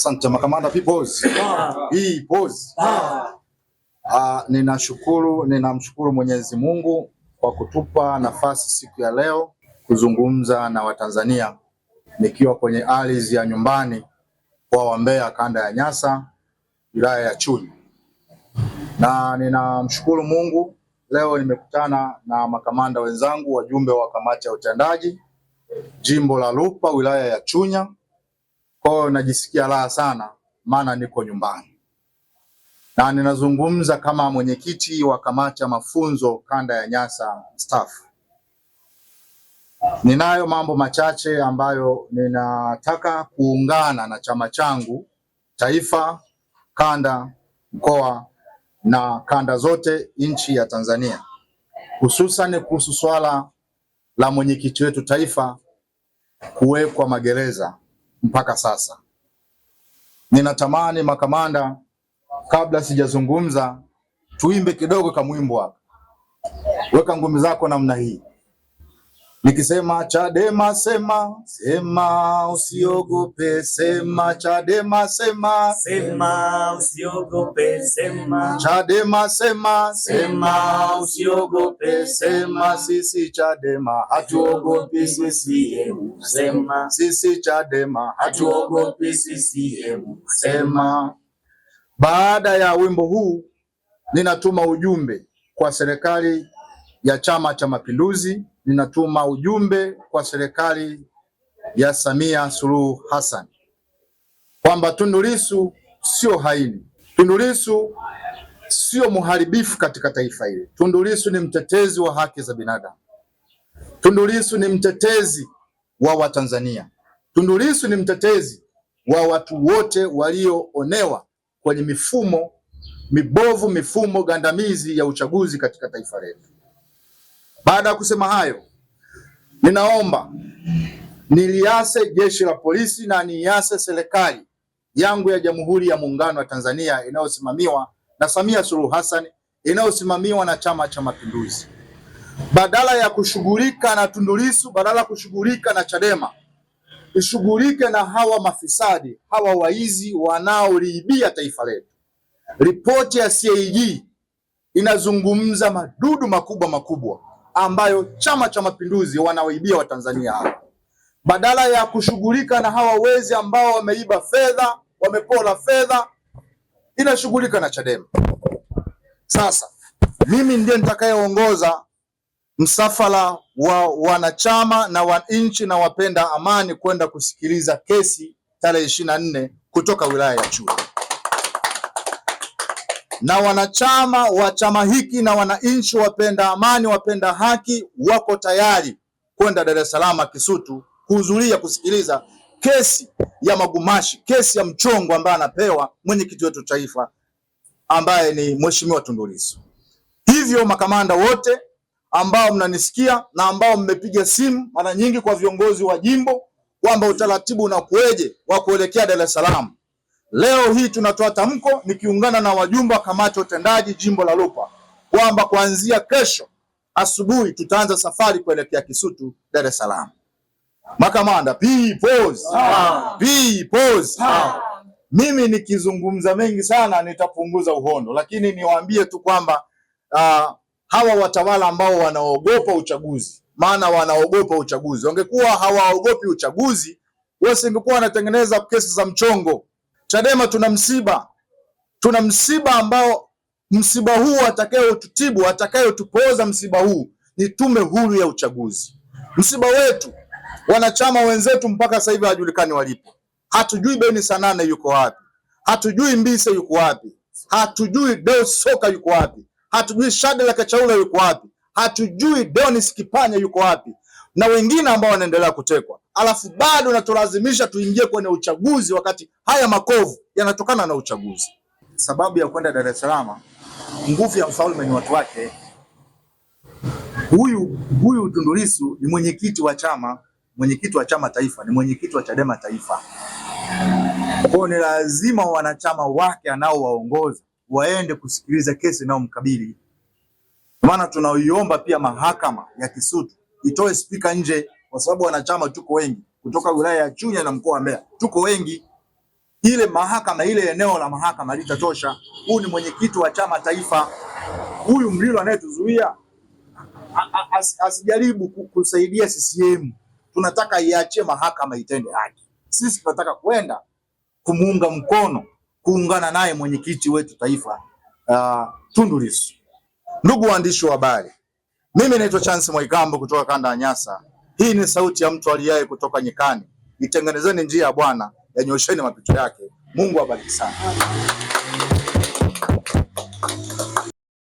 Asante makamanda, hii pose. Ah. Ah. ah, ninashukuru, ninamshukuru Mwenyezi Mungu kwa kutupa nafasi siku ya leo kuzungumza na Watanzania nikiwa kwenye ardhi ya nyumbani kwa Wambea, kanda ya Nyasa, wilaya ya Chunya, na ninamshukuru Mungu leo nimekutana na makamanda wenzangu, wajumbe wa kamati ya utendaji jimbo la Lupa, wilaya ya Chunya kwa hiyo najisikia raha sana, maana niko nyumbani na ninazungumza kama mwenyekiti wa kamati ya mafunzo kanda ya Nyasa staff. Ninayo mambo machache ambayo ninataka kuungana na chama changu taifa, kanda, mkoa na kanda zote nchi ya Tanzania, hususan kuhusu swala la mwenyekiti wetu taifa kuwekwa magereza mpaka sasa. Ninatamani makamanda, kabla sijazungumza, tuimbe kidogo kamwimbo hapa. Weka ngumi zako namna hii. Nikisema Chadema sema sema, usiogope sema. Chadema sema sema, usiogope sema. Chadema sema sema, usiogope sema. Sisi Chadema hatuogopi sisi, sema. Sisi Chadema hatuogopi sisi, sema. Baada ya wimbo huu, ninatuma ujumbe kwa serikali ya Chama cha Mapinduzi ninatuma ujumbe kwa serikali ya Samia Suluhu Hassan kwamba Tundu Lissu sio haini, Tundu Lissu sio mharibifu katika taifa hili. Tundu Lissu ni mtetezi wa haki za binadamu. Tundu Lissu ni mtetezi wa Watanzania. Tundu Lissu ni mtetezi wa watu wote walioonewa kwenye mifumo mibovu, mifumo gandamizi ya uchaguzi katika taifa letu. Baada ya kusema hayo, ninaomba niliase jeshi la polisi na niase serikali yangu ya Jamhuri ya Muungano wa Tanzania inayosimamiwa na Samia Suluhu Hassan inayosimamiwa na Chama cha Mapinduzi. Badala ya kushughulika na Tundu Lissu, badala ya kushughulika na Chadema, ishughulike na hawa mafisadi, hawa waizi wanaoliibia taifa letu. Ripoti ya CAG inazungumza madudu makubwa makubwa ambayo Chama cha Mapinduzi wanaoibia Watanzania hawa, badala ya kushughulika na hawa wezi ambao wameiba fedha, wamepola fedha, inashughulika na Chadema. Sasa mimi ndiye nitakayeongoza msafara wa wanachama na wananchi na wapenda amani kwenda kusikiliza kesi tarehe ishirini na nne kutoka wilaya ya Chuo na wanachama wa chama hiki na wananchi wapenda amani, wapenda haki wako tayari kwenda Dar es Salaam Kisutu kuhudhuria kusikiliza kesi ya Magumashi, kesi ya mchongo ambaye anapewa mwenyekiti wetu taifa ambaye ni Mheshimiwa Tundu Lissu. Hivyo makamanda wote ambao mnanisikia na ambao mmepiga simu mara nyingi kwa viongozi wa jimbo kwamba utaratibu unakueje wa kuelekea Dar es Salaam Leo hii tunatoa tamko nikiungana na wajumbe wa kamati ya utendaji jimbo la Lupa kwamba kuanzia kesho asubuhi tutaanza safari kuelekea Kisutu, Dar es Salaam. Makamanda pipos pipos. Mimi nikizungumza mengi sana nitapunguza uhondo, lakini niwaambie tu kwamba uh, hawa watawala ambao wanaogopa uchaguzi, maana wanaogopa uchaguzi. Wangekuwa hawaogopi uchaguzi, wasingekuwa wanatengeneza kesi za mchongo Chadema tuna msiba, tuna msiba ambao msiba huu atakayotutibu atakayotupoza msiba huu ni tume huru ya uchaguzi. Msiba wetu wanachama wenzetu mpaka sasa hivi hawajulikani walipo. Hatujui Beni Sanane yuko wapi, hatujui Mbise yuko wapi, hatujui Deo Soka yuko wapi, hatujui la Kachaula yuko wapi, hatujui Donis Kipanya yuko wapi, na wengine ambao wanaendelea kutekwa alafu bado natulazimisha tuingie kwenye uchaguzi, wakati haya makovu yanatokana na uchaguzi. Sababu ya kwenda Dar es Salaam, nguvu ya mfalme ni watu wake. Huyu huyu Tundu Lissu ni mwenyekiti wa chama, mwenyekiti wa chama taifa, ni mwenyekiti wa Chadema taifa. Kwa ni lazima wanachama wake anaowaongoza waende kusikiliza kesi inayomkabili maana tunaiomba pia mahakama ya Kisutu itoe spika nje kwa sababu wanachama tuko wengi kutoka wilaya ya Chunya na mkoa wa Mbeya tuko wengi. Ile mahakama ile eneo la mahakama litatosha. Huyu ni mwenyekiti wa chama taifa. Huyu Mlilo anayetuzuia asijaribu kusaidia CCM. Tunataka iachie mahakama itende haki. Sisi tunataka kwenda kumuunga mkono, kuungana naye mwenyekiti wetu taifa uh, Tundu Lissu. Ndugu waandishi wa habari, mimi naitwa Chance Mwaikambo kutoka kanda ya Nyasa. Hii ni sauti ya mtu aliaye kutoka nyikani, itengenezeni njia ya Bwana, yanyosheni mapito yake. Mungu abariki sana.